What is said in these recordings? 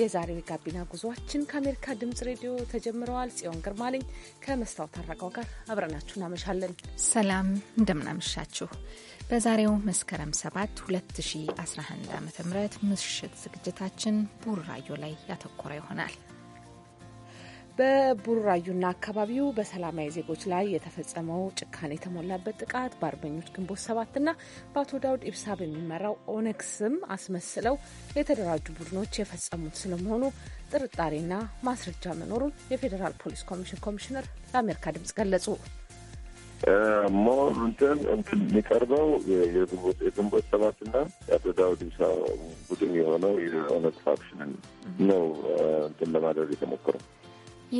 የዛሬው የጋቢና ጉዟችን ከአሜሪካ ድምጽ ሬዲዮ ተጀምረዋል። ጽዮን ግርማ ነኝ ከመስታወት አረጋው ጋር አብረናችሁ እናመሻለን። ሰላም እንደምናመሻችሁ። በዛሬው መስከረም 7 2011 ዓ ም ምሽት ዝግጅታችን ቡራዮ ላይ ያተኮረ ይሆናል። በቡራዩና አካባቢው በሰላማዊ ዜጎች ላይ የተፈጸመው ጭካኔ የተሞላበት ጥቃት በአርበኞች ግንቦት ሰባትና በአቶ ዳውድ ኢብሳ በሚመራው ኦነግ ስም አስመስለው የተደራጁ ቡድኖች የፈጸሙት ስለመሆኑ ጥርጣሬና ማስረጃ መኖሩን የፌዴራል ፖሊስ ኮሚሽን ኮሚሽነር ለአሜሪካ ድምጽ ገለጹ። ሞር እንትን እንትን የሚቀርበው የግንቦት ሰባትና የአቶ ዳውድ ኢብሳ ቡድን የሆነው የኦነግ ፋክሽንን ነው እንትን ለማድረግ የተሞክረው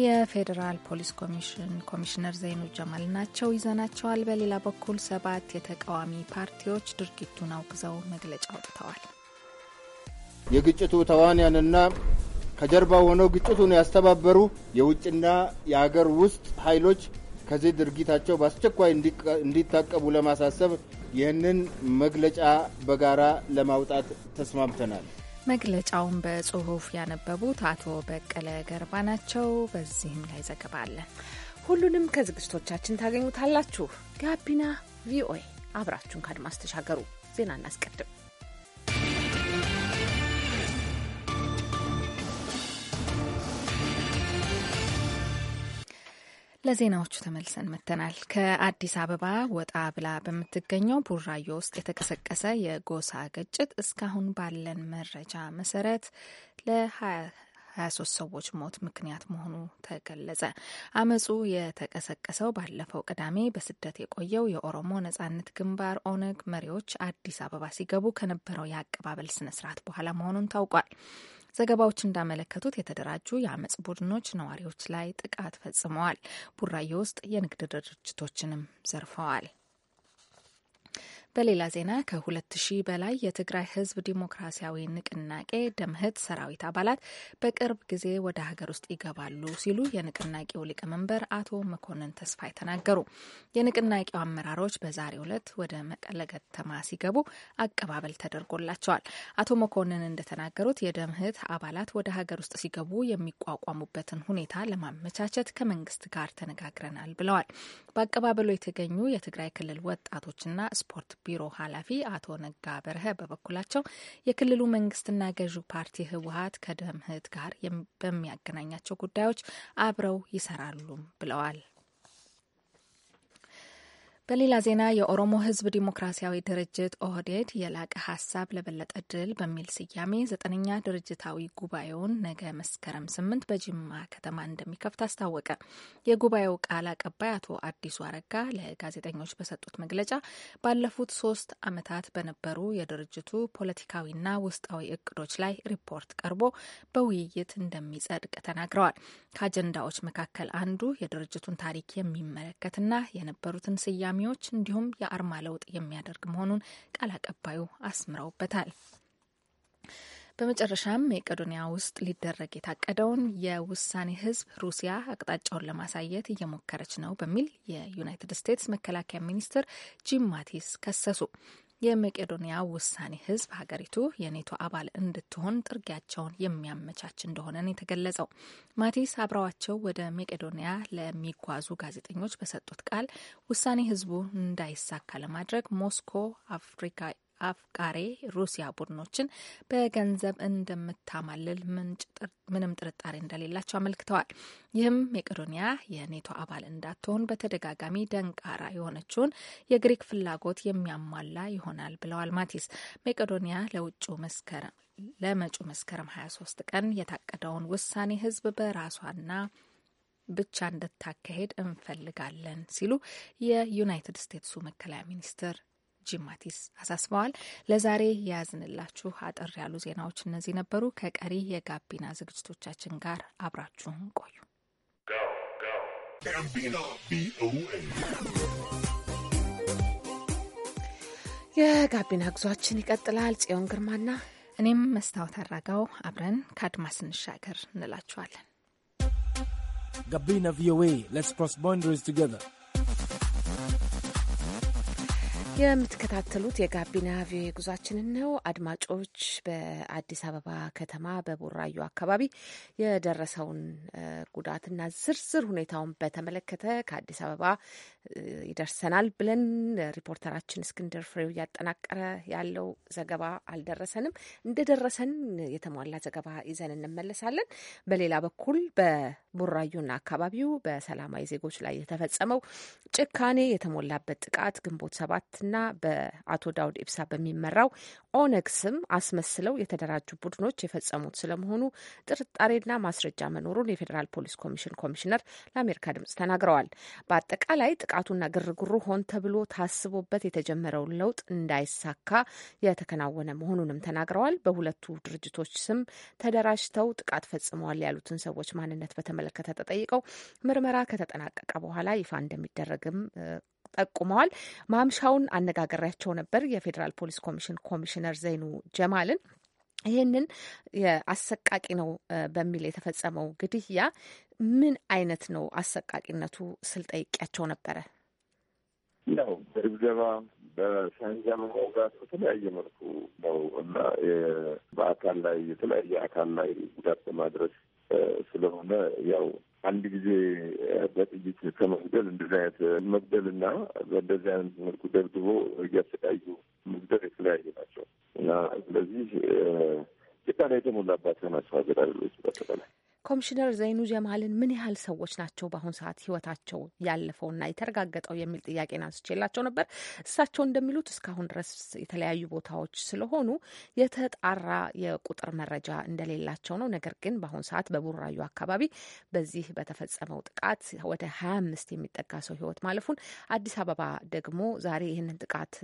የፌዴራል ፖሊስ ኮሚሽን ኮሚሽነር ዘይኑ ጀማል ናቸው ይዘናቸዋል። በሌላ በኩል ሰባት የተቃዋሚ ፓርቲዎች ድርጊቱን አውግዘው መግለጫ አውጥተዋል። የግጭቱ ተዋንያንና ከጀርባ ሆነው ግጭቱን ያስተባበሩ የውጭና የአገር ውስጥ ኃይሎች ከዚህ ድርጊታቸው በአስቸኳይ እንዲታቀቡ ለማሳሰብ ይህንን መግለጫ በጋራ ለማውጣት ተስማምተናል። መግለጫውን በጽሁፍ ያነበቡት አቶ በቀለ ገርባ ናቸው። በዚህም ላይ ዘገባ አለን። ሁሉንም ከዝግጅቶቻችን ታገኙታላችሁ። ጋቢና ቪኦኤ አብራችሁን ከአድማስ ተሻገሩ። ዜና እናስቀድም። ለዜናዎቹ ተመልሰን መጥተናል። ከአዲስ አበባ ወጣ ብላ በምትገኘው ቡራዮ ውስጥ የተቀሰቀሰ የጎሳ ግጭት እስካሁን ባለን መረጃ መሰረት ለ 23 ሰዎች ሞት ምክንያት መሆኑ ተገለጸ። አመጹ የተቀሰቀሰው ባለፈው ቅዳሜ በስደት የቆየው የኦሮሞ ነጻነት ግንባር ኦነግ መሪዎች አዲስ አበባ ሲገቡ ከነበረው የአቀባበል ስነስርዓት በኋላ መሆኑን ታውቋል። ዘገባዎች እንዳመለከቱት የተደራጁ የአመፅ ቡድኖች ነዋሪዎች ላይ ጥቃት ፈጽመዋል። ቡራዬ ውስጥ የንግድ ድርጅቶችንም ዘርፈዋል። በሌላ ዜና ከ2000 በላይ የትግራይ ህዝብ ዲሞክራሲያዊ ንቅናቄ ደምህት ሰራዊት አባላት በቅርብ ጊዜ ወደ ሀገር ውስጥ ይገባሉ ሲሉ የንቅናቄው ሊቀመንበር አቶ መኮንን ተስፋይ ተናገሩ። የንቅናቄው አመራሮች በዛሬው ዕለት ወደ መቀለ ከተማ ሲገቡ አቀባበል ተደርጎላቸዋል። አቶ መኮንን እንደተናገሩት የደምህት አባላት ወደ ሀገር ውስጥ ሲገቡ የሚቋቋሙበትን ሁኔታ ለማመቻቸት ከመንግስት ጋር ተነጋግረናል ብለዋል። በአቀባበሉ የተገኙ የትግራይ ክልል ወጣቶችና ስፖርት ቢሮ ኃላፊ አቶ ነጋ በርሀ በበኩላቸው የክልሉ መንግስትና ገዢው ፓርቲ ህወሀት ከደምህት ጋር በሚያገናኛቸው ጉዳዮች አብረው ይሰራሉም ብለዋል። በሌላ ዜና የኦሮሞ ሕዝብ ዲሞክራሲያዊ ድርጅት ኦህዴድ የላቀ ሀሳብ ለበለጠ ድል በሚል ስያሜ ዘጠነኛ ድርጅታዊ ጉባኤውን ነገ መስከረም ስምንት በጅማ ከተማ እንደሚከፍት አስታወቀ። የጉባኤው ቃል አቀባይ አቶ አዲሱ አረጋ ለጋዜጠኞች በሰጡት መግለጫ ባለፉት ሶስት ዓመታት በነበሩ የድርጅቱ ፖለቲካዊና ውስጣዊ እቅዶች ላይ ሪፖርት ቀርቦ በውይይት እንደሚጸድቅ ተናግረዋል። ከአጀንዳዎች መካከል አንዱ የድርጅቱን ታሪክ የሚመለከትና የነበሩትን ስያሜ ተቃዋሚዎች እንዲሁም የአርማ ለውጥ የሚያደርግ መሆኑን ቃል አቀባዩ አስምረውበታል። በመጨረሻም መቄዶንያ ውስጥ ሊደረግ የታቀደውን የውሳኔ ህዝብ ሩሲያ አቅጣጫውን ለማሳየት እየሞከረች ነው በሚል የዩናይትድ ስቴትስ መከላከያ ሚኒስትር ጂም ማቲስ ከሰሱ። የመቄዶንያ ውሳኔ ህዝብ ሀገሪቱ የኔቶ አባል እንድትሆን ጥርጊያቸውን የሚያመቻች እንደሆነ ነው የተገለጸው። ማቲስ አብረዋቸው ወደ መቄዶንያ ለሚጓዙ ጋዜጠኞች በሰጡት ቃል ውሳኔ ህዝቡ እንዳይሳካ ለማድረግ ሞስኮ አፍሪካ አፍቃሬ ሩሲያ ቡድኖችን በገንዘብ እንደምታማልል ምንም ጥርጣሬ እንደሌላቸው አመልክተዋል። ይህም መቄዶንያ የኔቶ አባል እንዳትሆን በተደጋጋሚ ደንቃራ የሆነችውን የግሪክ ፍላጎት የሚያሟላ ይሆናል ብለዋል ማቲስ። መቄዶንያ ለውጭ መስከረም ለመጪው መስከረም 23 ቀን የታቀደውን ውሳኔ ህዝብ በራሷና ብቻ እንድታካሄድ እንፈልጋለን ሲሉ የዩናይትድ ስቴትሱ መከላከያ ሚኒስትር ጂማቲስ አሳስበዋል። ለዛሬ የያዝንላችሁ አጠር ያሉ ዜናዎች እነዚህ ነበሩ። ከቀሪ የጋቢና ዝግጅቶቻችን ጋር አብራችሁን ቆዩ። የጋቢና ጉዟችን ይቀጥላል። ጽዮን ግርማና እኔም መስታወት አራጋው አብረን ከአድማስ እንሻገር እንላችኋለን። ጋቢና ቪኦኤ ሌትስ ክሮስ ቦንደሪስ ቱጌዘር የምትከታተሉት የጋቢና ቪኦኤ ጉዟችንን ነው። አድማጮች፣ በአዲስ አበባ ከተማ በቡራዩ አካባቢ የደረሰውን ጉዳትና ዝርዝር ሁኔታውን በተመለከተ ከአዲስ አበባ ይደርሰናል ብለን ሪፖርተራችን እስክንድር ፍሬው እያጠናቀረ ያለው ዘገባ አልደረሰንም። እንደደረሰን የተሟላ ዘገባ ይዘን እንመለሳለን። በሌላ በኩል በቡራዩና አካባቢው በሰላማዊ ዜጎች ላይ የተፈጸመው ጭካኔ የተሞላበት ጥቃት ግንቦት ሰባትና በአቶ ዳውድ ኢብሳ በሚመራው ኦነግ ስም አስመስለው የተደራጁ ቡድኖች የፈጸሙት ስለመሆኑ ጥርጣሬና ማስረጃ መኖሩን የፌዴራል ፖሊስ ኮሚሽን ኮሚሽነር ለአሜሪካ ድምጽ ተናግረዋል። በአጠቃላይ ጥቃቱና ግርግሩ ሆን ተብሎ ታስቦበት የተጀመረውን ለውጥ እንዳይሳካ የተከናወነ መሆኑንም ተናግረዋል። በሁለቱ ድርጅቶች ስም ተደራጅተው ጥቃት ፈጽመዋል ያሉትን ሰዎች ማንነት በተመለከተ ተጠይቀው ምርመራ ከተጠናቀቀ በኋላ ይፋ እንደሚደረግም ጠቁመዋል። ማምሻውን አነጋገሪያቸው ነበር የፌዴራል ፖሊስ ኮሚሽን ኮሚሽነር ዘይኑ ጀማልን ይህንን አሰቃቂ ነው በሚል የተፈጸመው ግድያ ምን አይነት ነው አሰቃቂነቱ ስል ጠይቄያቸው ነበረ። ያው በድብደባ በሳንጃ መውጋት በተለያየ መልኩ ነው እና በአካል ላይ የተለያየ አካል ላይ ጉዳት በማድረስ ስለሆነ ያው አንድ ጊዜ በጥይት ከመግደል እንደዚህ አይነት መግደልና በእንደዚህ አይነት መልኩ ደብድቦ እያሰቃዩ መግደል የተለያዩ ናቸው እና ስለዚህ ጭካኔ የተሞላባቸው ናቸው ሀገር አለች በአጠቃላይ። ኮሚሽነር ዘይኑ ጀማልን ምን ያህል ሰዎች ናቸው በአሁን ሰዓት ህይወታቸው ያለፈውና የተረጋገጠው የሚል ጥያቄን አንስቼላቸው ነበር። እሳቸው እንደሚሉት እስካሁን ድረስ የተለያዩ ቦታዎች ስለሆኑ የተጣራ የቁጥር መረጃ እንደሌላቸው ነው። ነገር ግን በአሁን ሰዓት በቡራዩ አካባቢ በዚህ በተፈጸመው ጥቃት ወደ ሀያ አምስት የሚጠጋ ሰው ህይወት ማለፉን አዲስ አበባ ደግሞ ዛሬ ይህንን ጥቃት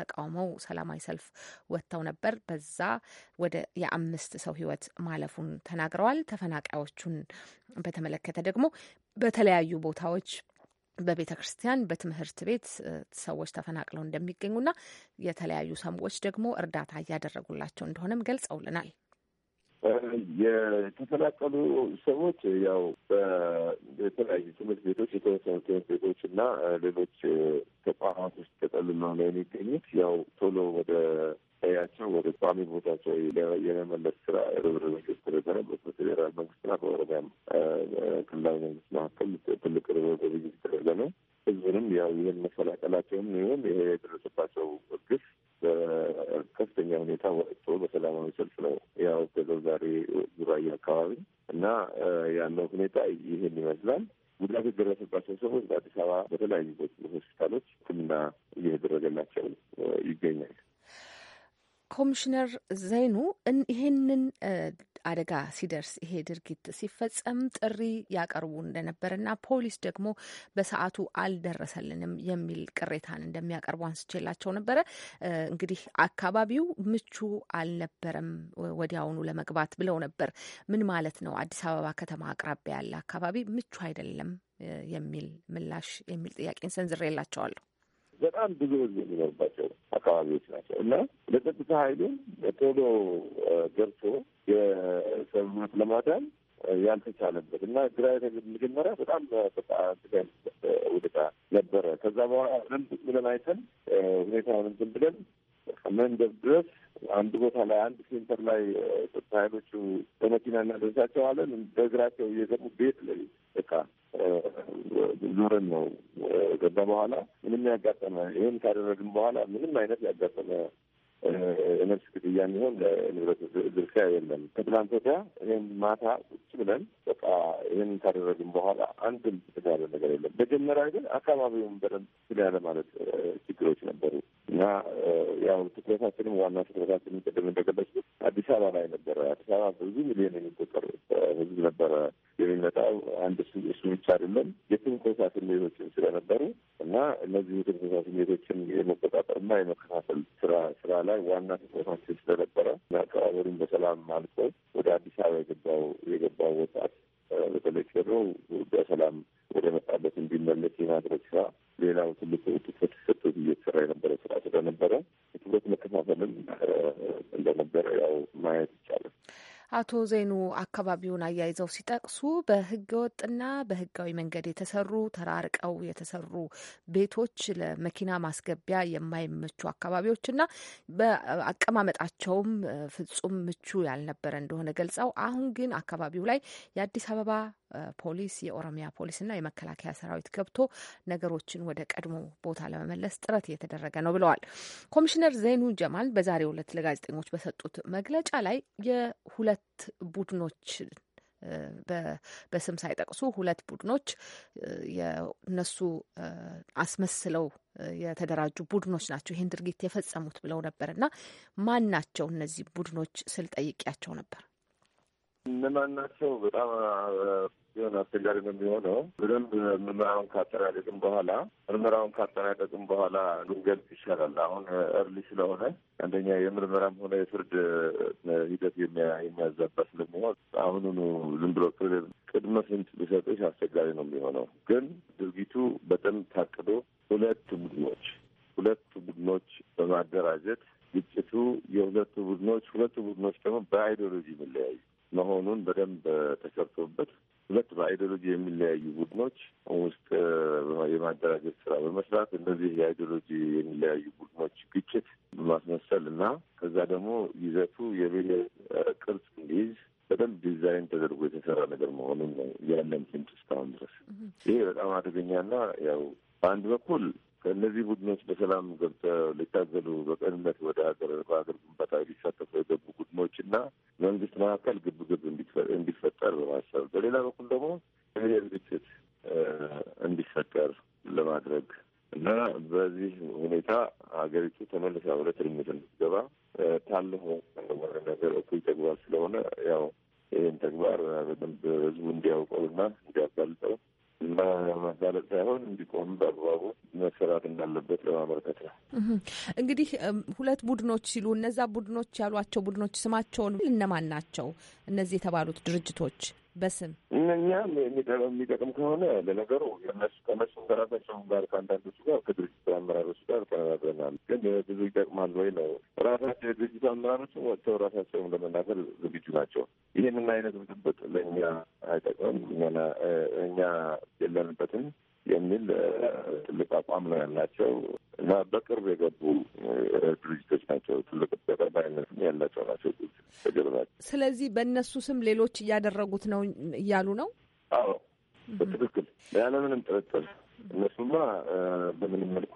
ተቃውመው ሰላማዊ ሰልፍ ወጥተው ነበር። በዛ ወደ የአምስት ሰው ህይወት ማለፉን ተናግረዋል። ተፈናቃዮች ስራዎቹን በተመለከተ ደግሞ በተለያዩ ቦታዎች በቤተ ክርስቲያን፣ በትምህርት ቤት ሰዎች ተፈናቅለው እንደሚገኙና የተለያዩ ሰዎች ደግሞ እርዳታ እያደረጉላቸው እንደሆነም ገልጸውልናል። የተፈናቀሉ ሰዎች ያው በተለያዩ ትምህርት ቤቶች የተወሰኑ ትምህርት ቤቶች እና ሌሎች ተቋማት ውስጥ ተጠልለው ነው የሚገኙት። ያው ቶሎ ወደ ያቸው ወደ ቋሚ ቦታቸው የመመለስ ስራ ርብርብ የተደረገበት በፌዴራል መንግስትና በኦሮሚያ ክልላዊ መንግስት መካከል ትልቅ ርብር ርብርብ የተደረገ ነው። ህዝብንም ያው ይህን መፈላቀላቸውም ይሁን ይሄ የደረሰባቸው ግፍ በከፍተኛ ሁኔታ ወጥቶ በሰላማዊ ሰልፍ ነው ያው ዛሬ ዙሪያ አካባቢ እና ያለው ሁኔታ ይህን ይመስላል። ጉዳት የደረሰባቸው ሰዎች በአዲስ አበባ በተለያዩ ሆስፒታሎች ሕክምና እየተደረገላቸው ይገኛል። ኮሚሽነር ዘይኑ ይህንን አደጋ ሲደርስ ይሄ ድርጊት ሲፈጸም ጥሪ ያቀርቡ እንደነበርና ፖሊስ ደግሞ በሰዓቱ አልደረሰልንም የሚል ቅሬታን እንደሚያቀርቡ አንስቼላቸው ነበረ። እንግዲህ አካባቢው ምቹ አልነበረም ወዲያውኑ ለመግባት ብለው ነበር። ምን ማለት ነው? አዲስ አበባ ከተማ አቅራቢያ ያለ አካባቢ ምቹ አይደለም የሚል ምላሽ የሚል ጥያቄን ሰንዝሬላቸዋለሁ። በጣም ብዙ የሚኖርባቸው አካባቢዎች ናቸው እና ለጸጥታ ኃይሉን ቶሎ ገብቶ የሰብነት ለማዳን ያልተቻለበት እና ግራ መጀመሪያ በጣም በቃ ውድቃ ነበረ። ከዛ በኋላ ምን ብለን አይተን ሁኔታውን እንትን ብለን መንደር ድረስ አንድ ቦታ ላይ አንድ ሴንተር ላይ ጸጥታ ኃይሎቹ በመኪና እናደርሳቸዋለን። በእግራቸው እየገቡ ቤት ለቤት በቃ ዙርን ነው ገባ በኋላ ምንም ያጋጠመ ይህን ካደረግን በኋላ ምንም አይነት ያጋጠመ የነፍስ ክፍያ የሚሆን ለንብረት ድርሻ የለም። ከትላንት ወዲያ ይህን ማታ ቁጭ ብለን በቃ ይህን ካደረግን በኋላ አንድም የተሻለ ነገር የለም። መጀመሪያ ግን አካባቢውን በደንብ ስል ያለ ማለት ችግሮች ነበሩ እና ያው ትኩረታችንም ዋና ትኩረታችንም ቅድም እንደገለጽኩት አዲስ አበባ ላይ ነበረ። አዲስ አበባ ብዙ ሚሊዮን የሚቆጠር ህዝብ ነበረ የሚመጣው አንድ እሱ ብቻ አይደለም። የትንኮሳ ስሜቶችን ስለነበሩ እና እነዚህ የትንኮሳ ስሜቶችን የመቆጣጠርና የመከፋፈል ስራ ስራ ላይ ዋና ትኩረታችን ስለነበረ አቀባበሉን በሰላም አልፎ ወደ አዲስ አበባ የገባው የገባው ወጣት በተለይ ቄሮ በሰላም ወደ መጣበት እንዲመለስ የማድረግ ስራ ሌላው ትልቁ ትኩረት ሰጥቶት እየተሰራ የነበረ ስራ ስለነበረ የትኩረት መከፋፈልም እንደነበረ ያው ማየት ይቻላል። አቶ ዜኑ አካባቢውን አያይዘው ሲጠቅሱ በህገወጥና በህጋዊ መንገድ የተሰሩ ተራርቀው የተሰሩ ቤቶች ለመኪና ማስገቢያ የማይመቹ አካባቢዎችና በአቀማመጣቸውም ፍጹም ምቹ ያልነበረ እንደሆነ ገልጸው አሁን ግን አካባቢው ላይ የአዲስ አበባ ፖሊስ፣ የኦሮሚያ ፖሊስና የመከላከያ ሰራዊት ገብቶ ነገሮችን ወደ ቀድሞ ቦታ ለመመለስ ጥረት እየተደረገ ነው ብለዋል። ኮሚሽነር ዘይኑ ጀማል በዛሬው ዕለት ለጋዜጠኞች በሰጡት መግለጫ ላይ የሁለት ቡድኖች በስም ሳይጠቅሱ ሁለት ቡድኖች የነሱ አስመስለው የተደራጁ ቡድኖች ናቸው ይህን ድርጊት የፈጸሙት ብለው ነበር እና ማን ናቸው እነዚህ ቡድኖች ስል ጠይቂያቸው ነበር። እነማን ናቸው? በጣም ሆን አስቸጋሪ ነው የሚሆነው። በደንብ ምርመራውን ካጠናቀቅም በኋላ ምርመራውን ካጠናቀቅም በኋላ ልንገልጽ ይሻላል። አሁን እርሊ ስለሆነ አንደኛ የምርመራም ሆነ የፍርድ ሂደት የሚያዛባ ስለሚሆን አሁኑኑ ዝም ብሎ ቅድመ ፍንጭ ሊሰጥሽ አስቸጋሪ ነው የሚሆነው። ግን ድርጊቱ በደንብ ታቅዶ ሁለት ቡድኖች ሁለቱ ቡድኖች በማደራጀት ግጭቱ የሁለቱ ቡድኖች ሁለቱ ቡድኖች ደግሞ በአይዲዮሎጂ የሚለያዩ መሆኑን በደንብ ተሰርቶበት ሁለት በአይዲዮሎጂ የሚለያዩ ቡድኖች ውስጥ የማደራጀት ስራ በመስራት እነዚህ የአይዲዮሎጂ የሚለያዩ ቡድኖች ግጭት ማስመሰል እና ከዛ ደግሞ ይዘቱ የብሔር ቅርጽ እንዲይዝ በደንብ ዲዛይን ተደርጎ የተሰራ ነገር መሆኑን ነው ያለን ፊልም እስካሁን ድረስ። ይሄ በጣም አደገኛና ያው በአንድ በኩል ከእነዚህ ቡድኖች በሰላም ገብተው ሊታገሉ በቀንነት ወደ ሀገር በሀገር ግንባታ ሊሳተፉ የገቡ ቡድኖች እና መንግስት መካከል ግብግብ እንዲፈጠር በማሰብ በሌላ በኩል ደግሞ ብሔር ግጭት እንዲፈጠር ለማድረግ እና በዚህ ሁኔታ ሀገሪቱ ተመልሳ ወደ ትርምት እንድትገባ ታልፎ ወረ ነገር እኩል ተግባር ስለሆነ ያው ይህን ተግባር በደንብ ህዝቡ እንዲያውቀውና እንዲያጋልጠው ማጋለጥ ሳይሆን እንዲቆም በአግባቡ መሰራት እንዳለበት ለማመልከት ነው። እንግዲህ ሁለት ቡድኖች ሲሉ እነዛ ቡድኖች ያሏቸው ቡድኖች ስማቸውን እነማን ናቸው? እነዚህ የተባሉት ድርጅቶች በስም እነኛም የሚጠቅም ከሆነ ለነገሩ እነሱ ከነሱ ከራሳቸው ጋር ከአንዳንዶቹ ጋር ከድርጅቱ አመራሮች ጋር ተነጋግረናል። ግን ብዙ ይጠቅማል ወይ ነው ራሳቸው የድርጅቱ አመራሮች ወጥተው ራሳቸውም ለመናገር ዝግጁ ናቸው። ይህንን አይነት ብጥብጥ ለእኛ አይጠቅምም። እኛ የለንበትም። የሚል ትልቅ አቋም ነው ያላቸው እና በቅርብ የገቡ ድርጅቶች ናቸው። ትልቅ ተቀባይነትም ያላቸው ናቸው ናቸው። ስለዚህ በእነሱ ስም ሌሎች እያደረጉት ነው እያሉ ነው። አዎ በትክክል ያለምንም ጥርጥር እነሱማ በምንም መልኩ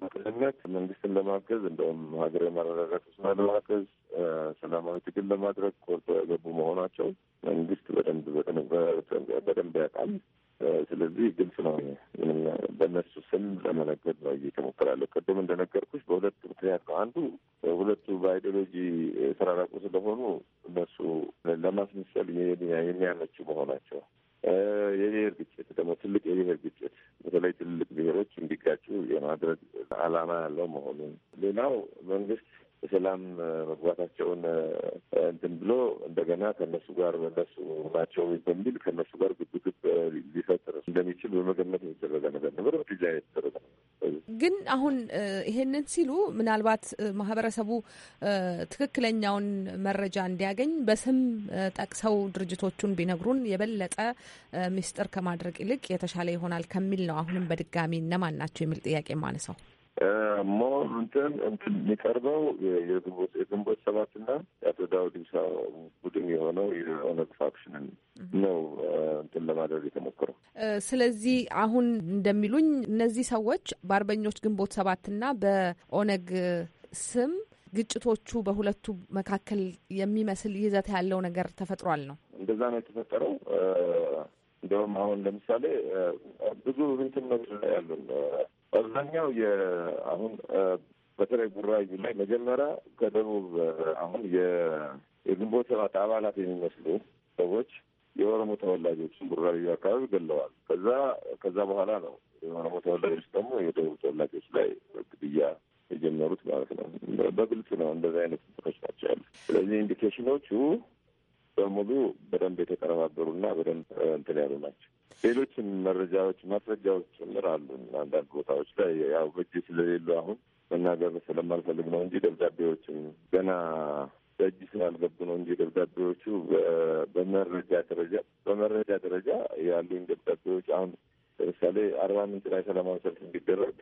በቅንነት መንግስትን ለማገዝ እንደውም ሀገር ማረጋጋት ውስጥ ለማገዝ ሰላማዊ ትግል ለማድረግ ቆርጦ የገቡ መሆናቸው መንግስት በደንብ በደንብ ያውቃል። ስለዚህ ግልጽ ነው። ምንም በእነሱ ስም ለመነገድ ነው እየተሞከረ ያለው። ቅድም እንደነገርኩሽ በሁለት ምክንያት ነው። አንዱ ሁለቱ በአይዲዮሎጂ የተራራቁ ስለሆኑ እነሱ ለማስመሰል የሚያመቹ መሆናቸው፣ የብሔር ግጭት ደግሞ ትልቅ የብሔር ግጭት በተለይ ትልልቅ ብሔሮች እንዲጋጩ የማድረግ አላማ ያለው መሆኑን፣ ሌላው መንግስት በሰላም መግባታቸውን እንትን ብሎ እንደገና ከነሱ ጋር በነሱ ናቸው በሚል ከነሱ ጋር ግብግብ ሊፈጥር እንደሚችል በመገመት የተደረገ ነገር ነበር። ጃ የተደረገ ነበር። ግን አሁን ይሄንን ሲሉ ምናልባት ማህበረሰቡ ትክክለኛውን መረጃ እንዲያገኝ በስም ጠቅሰው ድርጅቶቹን ቢነግሩን የበለጠ ሚስጥር ከማድረግ ይልቅ የተሻለ ይሆናል ከሚል ነው። አሁንም በድጋሚ እነማን ናቸው የሚል ጥያቄ ማነሳው ሞር እንትን እንትን የሚቀርበው የግንቦት የግንቦት ሰባትና የአቶ ዳውድ ኢብሳ ቡድን የሆነው የኦነግ ፋክሽንን ነው እንትን ለማድረግ የተሞክረው። ስለዚህ አሁን እንደሚሉኝ እነዚህ ሰዎች በአርበኞች ግንቦት ሰባት ሰባትና በኦነግ ስም ግጭቶቹ በሁለቱ መካከል የሚመስል ይዘት ያለው ነገር ተፈጥሯል ነው። እንደዛ ነው የተፈጠረው። እንዲሁም አሁን ለምሳሌ ብዙ እንትን ነገር ላይ ያሉን አብዛኛው የአሁን በተለይ ቡራዩ ላይ መጀመሪያ ከደቡብ አሁን የግንቦት ሰባት አባላት የሚመስሉ ሰዎች የኦሮሞ ተወላጆችን ቡራዩ አካባቢ ገለዋል። ከዛ ከዛ በኋላ ነው የኦሮሞ ተወላጆች ደግሞ የደቡብ ተወላጆች ላይ ግድያ የጀመሩት ማለት ነው። በግልጽ ነው እንደዚህ አይነት ቶች ናቸው ያሉ። ስለዚህ ኢንዲኬሽኖቹ በሙሉ በደንብ የተቀነባበሩና በደንብ እንትን ያሉ ናቸው። ሌሎችም መረጃዎች፣ ማስረጃዎች ጭምር አሉ አንዳንድ ቦታዎች ላይ ያው በእጅ ስለሌሉ አሁን መናገር ስለማልፈልግ ነው እንጂ ደብዳቤዎችም ገና በእጅ ስላልገቡ ነው እንጂ ደብዳቤዎቹ በመረጃ ደረጃ በመረጃ ደረጃ ያሉኝ ደብዳቤዎች አሁን ለምሳሌ አርባ ምንጭ ላይ ሰላማዊ ሰልፍ እንዲደረግ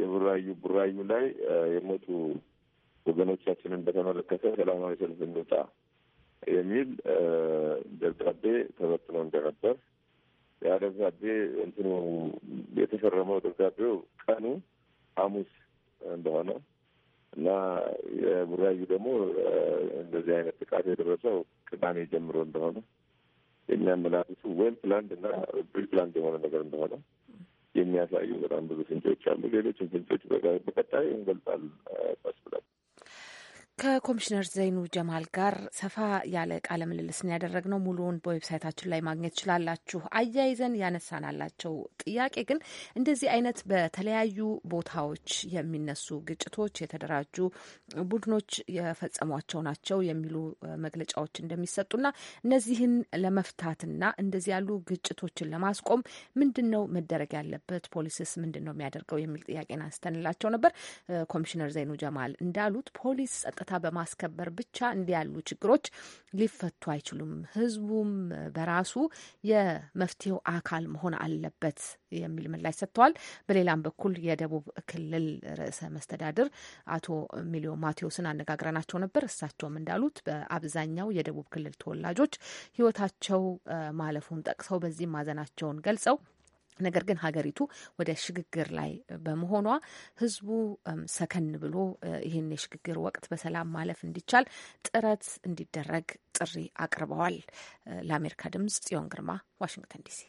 የቡራዩ ቡራዩ ላይ የሞቱ ወገኖቻችንን በተመለከተ ሰላማዊ ሰልፍ እንውጣ የሚል ደብዳቤ ተበትኖ እንደነበር ያ ደብዳቤ እንትኑ የተፈረመው ደብዳቤው ቀኑ ሐሙስ እንደሆነ እና የቡራዩ ደግሞ እንደዚህ አይነት ጥቃት የደረሰው ቅዳሜ ጀምሮ እንደሆነ የሚያመላልሱ ወይም ፕላንድ እና ፕሪፕላንድ የሆነ ነገር እንደሆነ የሚያሳዩ በጣም ብዙ ፍንጮች አሉ። ሌሎችም ፍንጮች በቀጣይ እንገልጣል እንገልጻል። ከኮሚሽነር ዘይኑ ጀማል ጋር ሰፋ ያለ ቃለ ምልልስን ያደረግ ነው። ሙሉውን በዌብሳይታችን ላይ ማግኘት ትችላላችሁ። አያይዘን ያነሳናላቸው ጥያቄ ግን እንደዚህ አይነት በተለያዩ ቦታዎች የሚነሱ ግጭቶች የተደራጁ ቡድኖች የፈጸሟቸው ናቸው የሚሉ መግለጫዎች እንደሚሰጡና እነዚህን ለመፍታትና እንደዚህ ያሉ ግጭቶችን ለማስቆም ምንድን ነው መደረግ ያለበት፣ ፖሊስስ ምንድን ነው የሚያደርገው የሚል ጥያቄን አንስተንላቸው ነበር። ኮሚሽነር ዘይኑ ጀማል እንዳሉት ፖሊስ ጸጥታ በማስከበር ብቻ እንዲያሉ ችግሮች ሊፈቱ አይችሉም። ህዝቡም በራሱ የመፍትሄው አካል መሆን አለበት የሚል ምላሽ ሰጥተዋል። በሌላም በኩል የደቡብ ክልል ርዕሰ መስተዳድር አቶ ሚሊዮ ማቴዎስን አነጋግረናቸው ነበር። እሳቸውም እንዳሉት በአብዛኛው የደቡብ ክልል ተወላጆች ህይወታቸው ማለፉን ጠቅሰው በዚህም ማዘናቸውን ገልጸው ነገር ግን ሀገሪቱ ወደ ሽግግር ላይ በመሆኗ ህዝቡ ሰከን ብሎ ይህን የሽግግር ወቅት በሰላም ማለፍ እንዲቻል ጥረት እንዲደረግ ጥሪ አቅርበዋል። ለአሜሪካ ድምጽ ጽዮን ግርማ ዋሽንግተን ዲሲ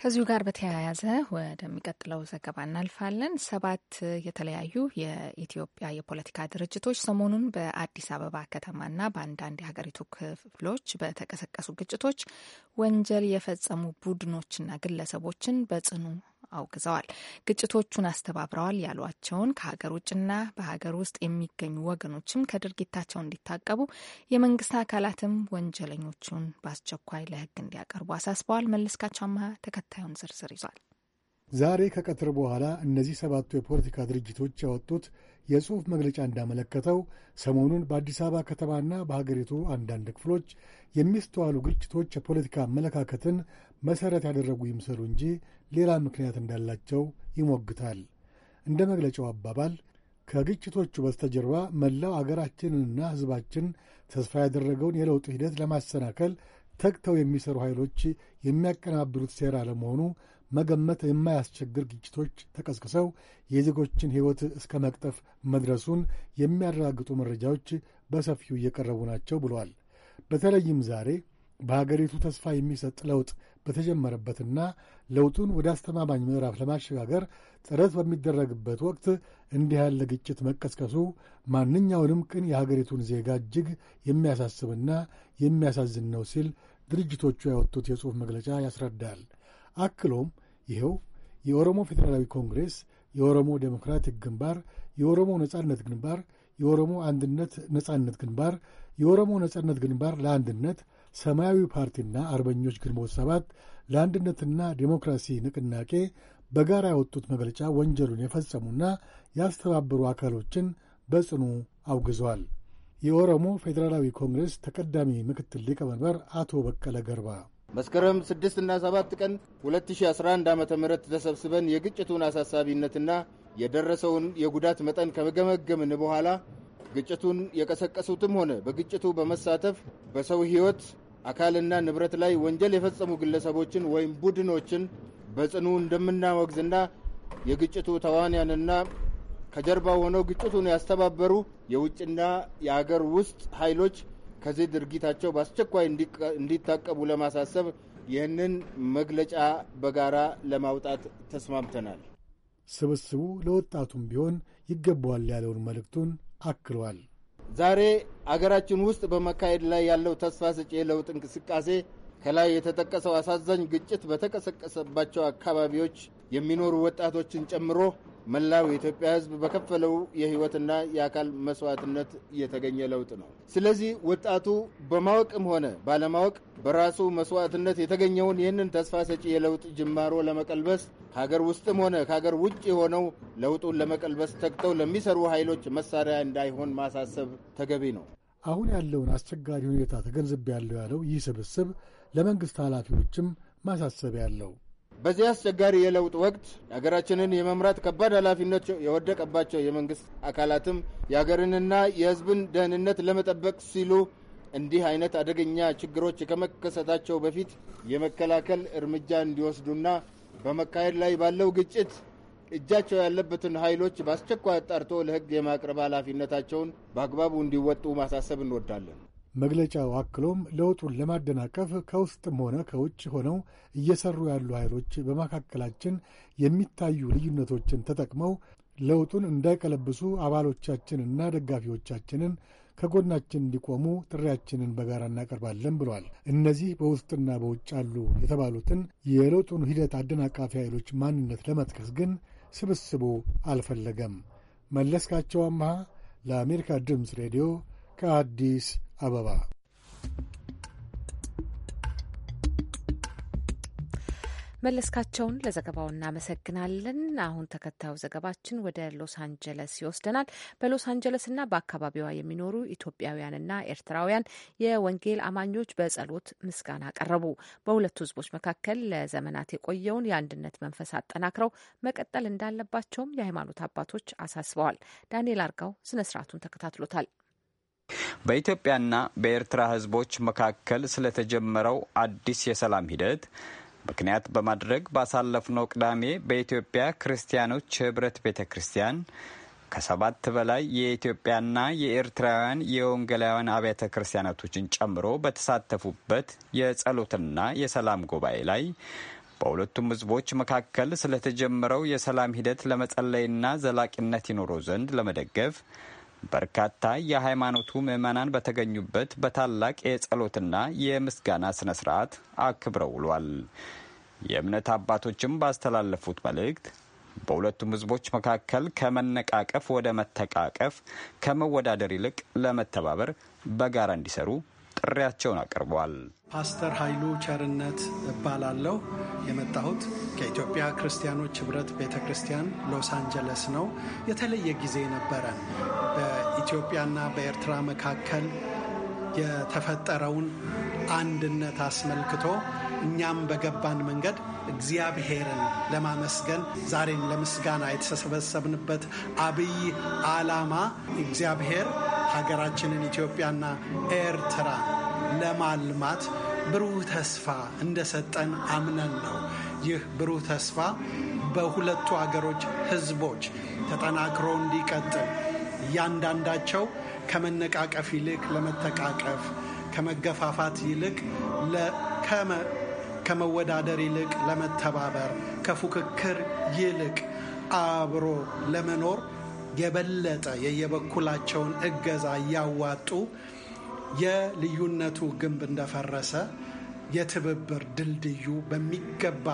ከዚሁ ጋር በተያያዘ ወደሚቀጥለው ዘገባ እናልፋለን። ሰባት የተለያዩ የኢትዮጵያ የፖለቲካ ድርጅቶች ሰሞኑን በአዲስ አበባ ከተማና በአንዳንድ የሀገሪቱ ክፍሎች በተቀሰቀሱ ግጭቶች ወንጀል የፈጸሙ ቡድኖችና ግለሰቦችን በጽኑ አውግዘዋል። ግጭቶቹን አስተባብረዋል ያሏቸውን ከሀገር ውጭና በሀገር ውስጥ የሚገኙ ወገኖችም ከድርጊታቸው እንዲታቀቡ፣ የመንግስት አካላትም ወንጀለኞቹን በአስቸኳይ ለህግ እንዲያቀርቡ አሳስበዋል። መለስካቸው አማሃ ተከታዩን ዝርዝር ይዟል። ዛሬ ከቀትር በኋላ እነዚህ ሰባቱ የፖለቲካ ድርጅቶች ያወጡት የጽሑፍ መግለጫ እንዳመለከተው ሰሞኑን በአዲስ አበባ ከተማና በሀገሪቱ አንዳንድ ክፍሎች የሚስተዋሉ ግጭቶች የፖለቲካ አመለካከትን መሠረት ያደረጉ ይምሰሉ እንጂ ሌላ ምክንያት እንዳላቸው ይሞግታል። እንደ መግለጫው አባባል ከግጭቶቹ በስተጀርባ መላው አገራችንንና ሕዝባችን ተስፋ ያደረገውን የለውጥ ሂደት ለማሰናከል ተግተው የሚሰሩ ኃይሎች የሚያቀናብሩት ሴራ ለመሆኑ መገመት የማያስቸግር ግጭቶች ተቀስቅሰው የዜጎችን ሕይወት እስከ መቅጠፍ መድረሱን የሚያረጋግጡ መረጃዎች በሰፊው እየቀረቡ ናቸው ብሏል። በተለይም ዛሬ በሀገሪቱ ተስፋ የሚሰጥ ለውጥ በተጀመረበትና ለውጡን ወደ አስተማማኝ ምዕራፍ ለማሸጋገር ጥረት በሚደረግበት ወቅት እንዲህ ያለ ግጭት መቀስቀሱ ማንኛውንም ቅን የሀገሪቱን ዜጋ እጅግ የሚያሳስብና የሚያሳዝን ነው ሲል ድርጅቶቹ ያወጡት የጽሑፍ መግለጫ ያስረዳል። አክሎም ይኸው የኦሮሞ ፌዴራላዊ ኮንግሬስ፣ የኦሮሞ ዴሞክራቲክ ግንባር፣ የኦሮሞ ነጻነት ግንባር፣ የኦሮሞ አንድነት ነጻነት ግንባር፣ የኦሮሞ ነጻነት ግንባር ለአንድነት ሰማያዊ ፓርቲና አርበኞች ግንቦት ሰባት ለአንድነትና ዴሞክራሲ ንቅናቄ በጋራ ያወጡት መግለጫ ወንጀሉን የፈጸሙና ያስተባበሩ አካሎችን በጽኑ አውግዟል። የኦሮሞ ፌዴራላዊ ኮንግሬስ ተቀዳሚ ምክትል ሊቀመንበር አቶ በቀለ ገርባ መስከረም 6 እና 7 ቀን 2011 ዓ ም ተሰብስበን የግጭቱን አሳሳቢነትና የደረሰውን የጉዳት መጠን ከመገመገምን በኋላ ግጭቱን የቀሰቀሱትም ሆነ በግጭቱ በመሳተፍ በሰው ሕይወት አካልና ንብረት ላይ ወንጀል የፈጸሙ ግለሰቦችን ወይም ቡድኖችን በጽኑ እንደምናወግዝና የግጭቱ ተዋንያንና ከጀርባ ሆነው ግጭቱን ያስተባበሩ የውጭና የአገር ውስጥ ኃይሎች ከዚህ ድርጊታቸው በአስቸኳይ እንዲታቀቡ ለማሳሰብ ይህንን መግለጫ በጋራ ለማውጣት ተስማምተናል። ስብስቡ ለወጣቱም ቢሆን ይገባዋል ያለውን መልእክቱን አክሏል። ዛሬ አገራችን ውስጥ በመካሄድ ላይ ያለው ተስፋ ሰጪ የለውጥ እንቅስቃሴ ከላይ የተጠቀሰው አሳዛኝ ግጭት በተቀሰቀሰባቸው አካባቢዎች የሚኖሩ ወጣቶችን ጨምሮ መላው የኢትዮጵያ ሕዝብ በከፈለው የሕይወትና የአካል መስዋዕትነት የተገኘ ለውጥ ነው። ስለዚህ ወጣቱ በማወቅም ሆነ ባለማወቅ በራሱ መስዋዕትነት የተገኘውን ይህንን ተስፋ ሰጪ የለውጥ ጅማሮ ለመቀልበስ ከሀገር ውስጥም ሆነ ከሀገር ውጭ የሆነው ለውጡን ለመቀልበስ ተግተው ለሚሰሩ ኃይሎች መሳሪያ እንዳይሆን ማሳሰብ ተገቢ ነው። አሁን ያለውን አስቸጋሪ ሁኔታ ተገንዝቤያለሁ ያለው ይህ ስብስብ ለመንግሥት ኃላፊዎችም ማሳሰቢያ አለው። በዚህ አስቸጋሪ የለውጥ ወቅት የሀገራችንን የመምራት ከባድ ኃላፊነት የወደቀባቸው የመንግስት አካላትም የሀገርንና የሕዝብን ደህንነት ለመጠበቅ ሲሉ እንዲህ አይነት አደገኛ ችግሮች ከመከሰታቸው በፊት የመከላከል እርምጃ እንዲወስዱና በመካሄድ ላይ ባለው ግጭት እጃቸው ያለበትን ኃይሎች በአስቸኳይ አጣርቶ ለሕግ የማቅረብ ኃላፊነታቸውን በአግባቡ እንዲወጡ ማሳሰብ እንወዳለን። መግለጫው አክሎም ለውጡን ለማደናቀፍ ከውስጥም ሆነ ከውጭ ሆነው እየሰሩ ያሉ ኃይሎች በመካከላችን የሚታዩ ልዩነቶችን ተጠቅመው ለውጡን እንዳይቀለብሱ አባሎቻችንና ደጋፊዎቻችንን ከጎናችን እንዲቆሙ ጥሪያችንን በጋራ እናቀርባለን ብሏል። እነዚህ በውስጥና በውጭ አሉ የተባሉትን የለውጡን ሂደት አደናቃፊ ኃይሎች ማንነት ለመጥቀስ ግን ስብስቡ አልፈለገም። መለስካቸው አምሃ ለአሜሪካ ድምፅ ሬዲዮ ከአዲስ አበባ። መለስካቸውን ለዘገባው እናመሰግናለን። አሁን ተከታዩ ዘገባችን ወደ ሎስ አንጀለስ ይወስደናል። በሎስ አንጀለስና በአካባቢዋ የሚኖሩ ኢትዮጵያውያንና ኤርትራውያን የወንጌል አማኞች በጸሎት ምስጋና ቀረቡ። በሁለቱ ሕዝቦች መካከል ለዘመናት የቆየውን የአንድነት መንፈስ አጠናክረው መቀጠል እንዳለባቸውም የሃይማኖት አባቶች አሳስበዋል። ዳንኤል አርጋው ስነስርዓቱን ተከታትሎታል። በኢትዮጵያና በኤርትራ ህዝቦች መካከል ስለተጀመረው አዲስ የሰላም ሂደት ምክንያት በማድረግ ባሳለፍነው ቅዳሜ በኢትዮጵያ ክርስቲያኖች ህብረት ቤተ ክርስቲያን ከሰባት በላይ የኢትዮጵያና የኤርትራውያን የወንጌላውያን አብያተ ክርስቲያናቶችን ጨምሮ በተሳተፉበት የጸሎትና የሰላም ጉባኤ ላይ በሁለቱም ህዝቦች መካከል ስለተጀመረው የሰላም ሂደት ለመጸለይና ዘላቂነት ይኖረው ዘንድ ለመደገፍ በርካታ የሃይማኖቱ ምዕመናን በተገኙበት በታላቅ የጸሎትና የምስጋና ስነ ስርዓት አክብረው ውሏል። የእምነት አባቶችም ባስተላለፉት መልእክት በሁለቱም ህዝቦች መካከል ከመነቃቀፍ ወደ መተቃቀፍ፣ ከመወዳደር ይልቅ ለመተባበር በጋራ እንዲሰሩ ጥሪያቸውን አቅርበዋል። ፓስተር ኃይሉ ቸርነት እባላለሁ። የመጣሁት ከኢትዮጵያ ክርስቲያኖች ህብረት ቤተ ክርስቲያን ሎስ አንጀለስ ነው። የተለየ ጊዜ ነበረን በኢትዮጵያና በኤርትራ መካከል የተፈጠረውን አንድነት አስመልክቶ እኛም በገባን መንገድ እግዚአብሔርን ለማመስገን ዛሬን ለምስጋና የተሰበሰብንበት አብይ ዓላማ እግዚአብሔር ሀገራችንን ኢትዮጵያና ኤርትራ ለማልማት ብሩህ ተስፋ እንደሰጠን አምነን ነው። ይህ ብሩህ ተስፋ በሁለቱ አገሮች ሕዝቦች ተጠናክሮ እንዲቀጥል እያንዳንዳቸው ከመነቃቀፍ ይልቅ ለመተቃቀፍ፣ ከመገፋፋት ይልቅ ከመወዳደር ይልቅ ለመተባበር፣ ከፉክክር ይልቅ አብሮ ለመኖር የበለጠ የየበኩላቸውን እገዛ እያዋጡ የልዩነቱ ግንብ እንደፈረሰ የትብብር ድልድዩ በሚገባ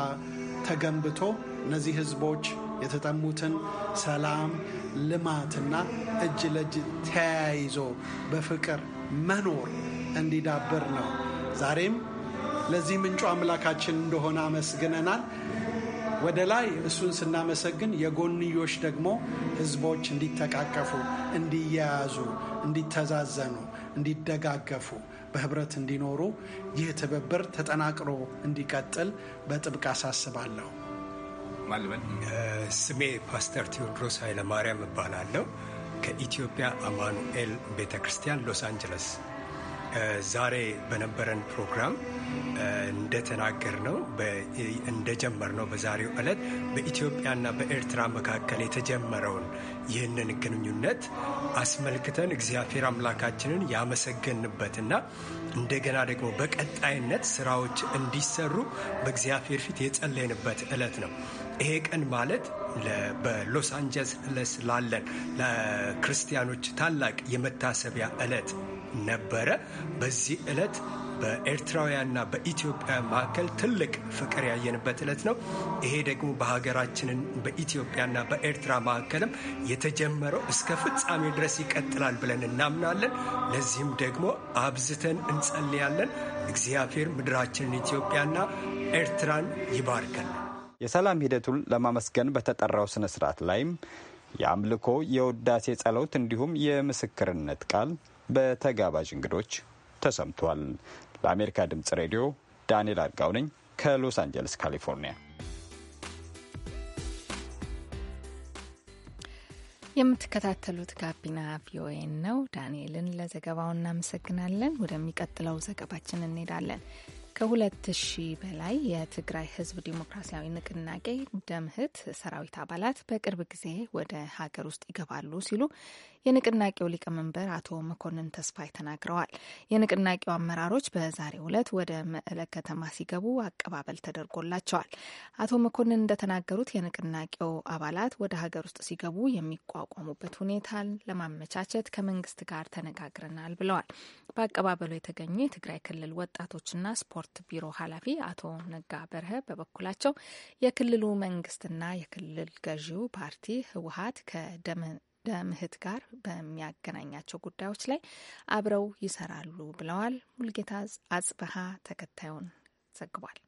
ተገንብቶ እነዚህ ህዝቦች የተጠሙትን ሰላም ልማትና እጅ ለእጅ ተያይዞ በፍቅር መኖር እንዲዳብር ነው። ዛሬም ለዚህ ምንጩ አምላካችን እንደሆነ አመስግነናል። ወደ ላይ እሱን ስናመሰግን የጎንዮሽ ደግሞ ህዝቦች እንዲተቃቀፉ፣ እንዲያያዙ፣ እንዲተዛዘኑ፣ እንዲደጋገፉ በህብረት እንዲኖሩ ይህ ትብብር ተጠናቅሮ እንዲቀጥል በጥብቅ አሳስባለሁ። ልበል። ስሜ ፓስተር ቴዎድሮስ ኃይለማርያም እባላለሁ። ከኢትዮጵያ አማኑኤል ቤተ ክርስቲያን ሎስ አንጀለስ። ዛሬ በነበረን ፕሮግራም እንደተናገር ነው እንደጀመር ነው በዛሬው ዕለት በኢትዮጵያና በኤርትራ መካከል የተጀመረውን ይህንን ግንኙነት አስመልክተን እግዚአብሔር አምላካችንን ያመሰገንበትና እንደገና ደግሞ በቀጣይነት ስራዎች እንዲሰሩ በእግዚአብሔር ፊት የጸለይንበት ዕለት ነው። ይሄ ቀን ማለት በሎስ አንጀለስ ላለን ለክርስቲያኖች ታላቅ የመታሰቢያ ዕለት ነበረ። በዚህ ዕለት በኤርትራውያንና በኢትዮጵያ መካከል ትልቅ ፍቅር ያየንበት ዕለት ነው። ይሄ ደግሞ በሀገራችንን በኢትዮጵያና በኤርትራ መካከልም የተጀመረው እስከ ፍጻሜ ድረስ ይቀጥላል ብለን እናምናለን። ለዚህም ደግሞ አብዝተን እንጸልያለን። እግዚአብሔር ምድራችንን ኢትዮጵያና ኤርትራን ይባርከን። የሰላም ሂደቱን ለማመስገን በተጠራው ስነ ስርዓት ላይም የአምልኮ የውዳሴ ጸሎት እንዲሁም የምስክርነት ቃል በተጋባዥ እንግዶች ተሰምቷል። ለአሜሪካ ድምጽ ሬዲዮ ዳንኤል አርጋው ነኝ ከሎስ አንጀለስ ካሊፎርኒያ። የምትከታተሉት ጋቢና ቪኤን ነው። ዳንኤልን ለዘገባው እናመሰግናለን። ወደሚቀጥለው ዘገባችን እንሄዳለን። ከሁለት ሺህ በላይ የትግራይ ህዝብ ዲሞክራሲያዊ ንቅናቄ ደምህት ሰራዊት አባላት በቅርብ ጊዜ ወደ ሀገር ውስጥ ይገባሉ ሲሉ የንቅናቄው ሊቀመንበር አቶ መኮንን ተስፋይ ተናግረዋል። የንቅናቄው አመራሮች በዛሬው ዕለት ወደ መቀለ ከተማ ሲገቡ አቀባበል ተደርጎላቸዋል። አቶ መኮንን እንደተናገሩት የንቅናቄው አባላት ወደ ሀገር ውስጥ ሲገቡ የሚቋቋሙበት ሁኔታን ለማመቻቸት ከመንግስት ጋር ተነጋግረናል ብለዋል። በአቀባበሉ የተገኙ የትግራይ ክልል ወጣቶችና ስፖርት ቢሮ ኃላፊ አቶ ነጋ በርሀ በበኩላቸው የክልሉ መንግስትና የክልል ገዢው ፓርቲ ህወሀት ከደመ በምህት ጋር በሚያገናኛቸው ጉዳዮች ላይ አብረው ይሰራሉ ብለዋል። ሙልጌታ አጽበሃ ተከታዩን ዘግቧል።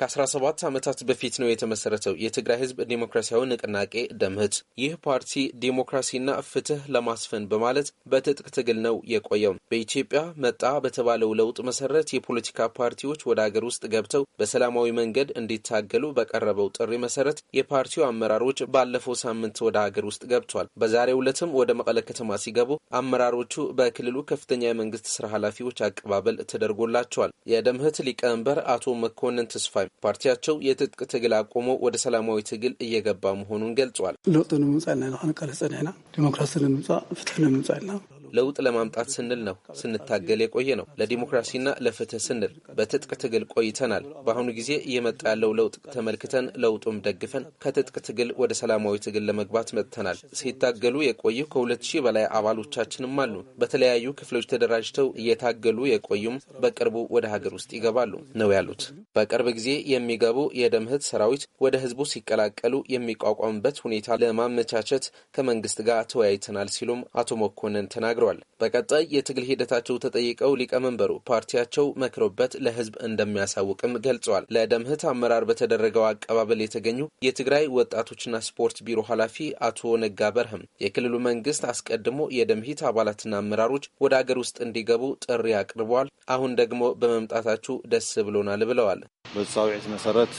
ከ17 ዓመታት በፊት ነው የተመሰረተው የትግራይ ህዝብ ዴሞክራሲያዊ ንቅናቄ ደምህት። ይህ ፓርቲ ዴሞክራሲና ፍትህ ለማስፈን በማለት በትጥቅ ትግል ነው የቆየው። በኢትዮጵያ መጣ በተባለው ለውጥ መሰረት የፖለቲካ ፓርቲዎች ወደ አገር ውስጥ ገብተው በሰላማዊ መንገድ እንዲታገሉ በቀረበው ጥሪ መሰረት የፓርቲው አመራሮች ባለፈው ሳምንት ወደ አገር ውስጥ ገብቷል። በዛሬው ዕለትም ወደ መቀለ ከተማ ሲገቡ አመራሮቹ በክልሉ ከፍተኛ የመንግስት ስራ ኃላፊዎች አቀባበል ተደርጎላቸዋል። የደምህት ሊቀመንበር አቶ መኮንን ተስፋ ተናግረዋል። ፓርቲያቸው የትጥቅ ትግል አቆሞ ወደ ሰላማዊ ትግል እየገባ መሆኑን ገልጿል። ለውጥ ንምምፃ ኢልና ንክንቃለስ ፀኒሕና ዲሞክራሲ ንምምፃእ ፍትሒ ንምምፃእ ኢልና ለውጥ ለማምጣት ስንል ነው ስንታገል የቆየ ነው። ለዲሞክራሲና ለፍትህ ስንል በትጥቅ ትግል ቆይተናል። በአሁኑ ጊዜ እየመጣ ያለው ለውጥ ተመልክተን ለውጡም ደግፈን ከትጥቅ ትግል ወደ ሰላማዊ ትግል ለመግባት መጥተናል። ሲታገሉ የቆዩ ከሁለት ሺህ በላይ አባሎቻችንም አሉ። በተለያዩ ክፍሎች ተደራጅተው እየታገሉ የቆዩም በቅርቡ ወደ ሀገር ውስጥ ይገባሉ ነው ያሉት። በቅርብ ጊዜ የሚገቡ የደምህት ሰራዊት ወደ ህዝቡ ሲቀላቀሉ የሚቋቋምበት ሁኔታ ለማመቻቸት ከመንግስት ጋር ተወያይተናል ሲሉም አቶ መኮንን ተናግረዋል። ተናግረዋል። በቀጣይ የትግል ሂደታቸው ተጠይቀው ሊቀመንበሩ ፓርቲያቸው መክሮበት ለህዝብ እንደሚያሳውቅም ገልጸዋል። ለደምህት አመራር በተደረገው አቀባበል የተገኙ የትግራይ ወጣቶችና ስፖርት ቢሮ ኃላፊ አቶ ነጋ በርህም የክልሉ መንግስት አስቀድሞ የደምህት አባላትና አመራሮች ወደ አገር ውስጥ እንዲገቡ ጥሪ አቅርበዋል። አሁን ደግሞ በመምጣታችሁ ደስ ብሎናል ብለዋል። ብፃውዒት መሰረት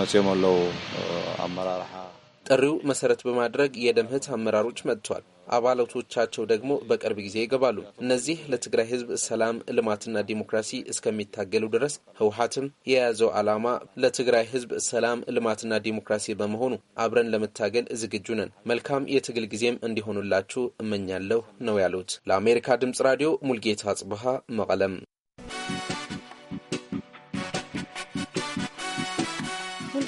መፅኦም ኣለው ኣመራርሓ ጥሪው መሰረት በማድረግ የደም እህት አመራሮች መጥቷል። አባላቶቻቸው ደግሞ በቅርብ ጊዜ ይገባሉ። እነዚህ ለትግራይ ህዝብ ሰላም፣ ልማትና ዲሞክራሲ እስከሚታገሉ ድረስ ህወሀትም የያዘው ዓላማ ለትግራይ ህዝብ ሰላም፣ ልማትና ዲሞክራሲ በመሆኑ አብረን ለመታገል ዝግጁ ነን። መልካም የትግል ጊዜም እንዲሆኑላችሁ እመኛለሁ ነው ያሉት። ለአሜሪካ ድምጽ ራዲዮ ሙልጌታ አጽብሃ መቀለም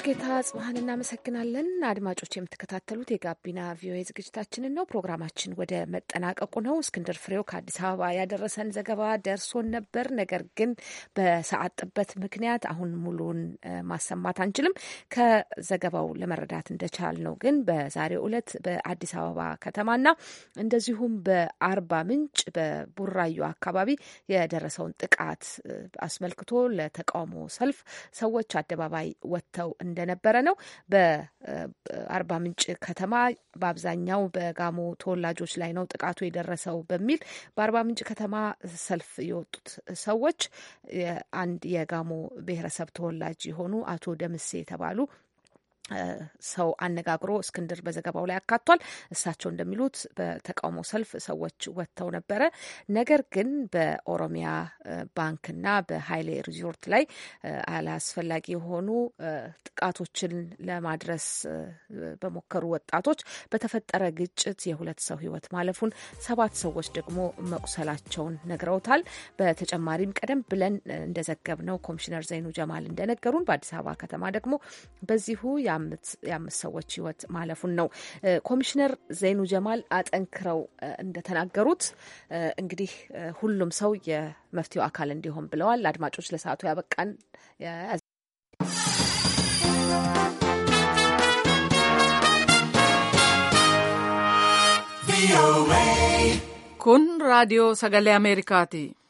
ሙልጌታ ጽባህን እናመሰግናለን። አድማጮች የምትከታተሉት የጋቢና ቪኦኤ ዝግጅታችንን ነው። ፕሮግራማችን ወደ መጠናቀቁ ነው። እስክንድር ፍሬው ከአዲስ አበባ ያደረሰን ዘገባ ደርሶን ነበር። ነገር ግን በሰዓት ጥበት ምክንያት አሁን ሙሉን ማሰማት አንችልም። ከዘገባው ለመረዳት እንደቻል ነው ግን በዛሬው ዕለት በአዲስ አበባ ከተማና እንደዚሁም በአርባ ምንጭ በቡራዩ አካባቢ የደረሰውን ጥቃት አስመልክቶ ለተቃውሞ ሰልፍ ሰዎች አደባባይ ወጥተው እንደነበረ ነው። በአርባ ምንጭ ከተማ በአብዛኛው በጋሞ ተወላጆች ላይ ነው ጥቃቱ የደረሰው በሚል በአርባ ምንጭ ከተማ ሰልፍ የወጡት ሰዎች አንድ የጋሞ ብሔረሰብ ተወላጅ የሆኑ አቶ ደምሴ የተባሉ ሰው አነጋግሮ እስክንድር በዘገባው ላይ አካቷል። እሳቸው እንደሚሉት በተቃውሞ ሰልፍ ሰዎች ወጥተው ነበረ። ነገር ግን በኦሮሚያ ባንክና በሀይሌ ሪዞርት ላይ አላስፈላጊ የሆኑ ጥቃቶችን ለማድረስ በሞከሩ ወጣቶች በተፈጠረ ግጭት የሁለት ሰው ሕይወት ማለፉን ሰባት ሰዎች ደግሞ መቁሰላቸውን ነግረውታል። በተጨማሪም ቀደም ብለን እንደዘገብነው ኮሚሽነር ዘይኑ ጀማል እንደነገሩን በአዲስ አበባ ከተማ ደግሞ በዚሁ የአምስት ሰዎች ህይወት ማለፉን ነው ኮሚሽነር ዘይኑ ጀማል አጠንክረው እንደተናገሩት እንግዲህ ሁሉም ሰው የመፍትሄው አካል እንዲሆን ብለዋል። አድማጮች ለሰዓቱ ያበቃን kun raadiyoo sagalee ameerikaati.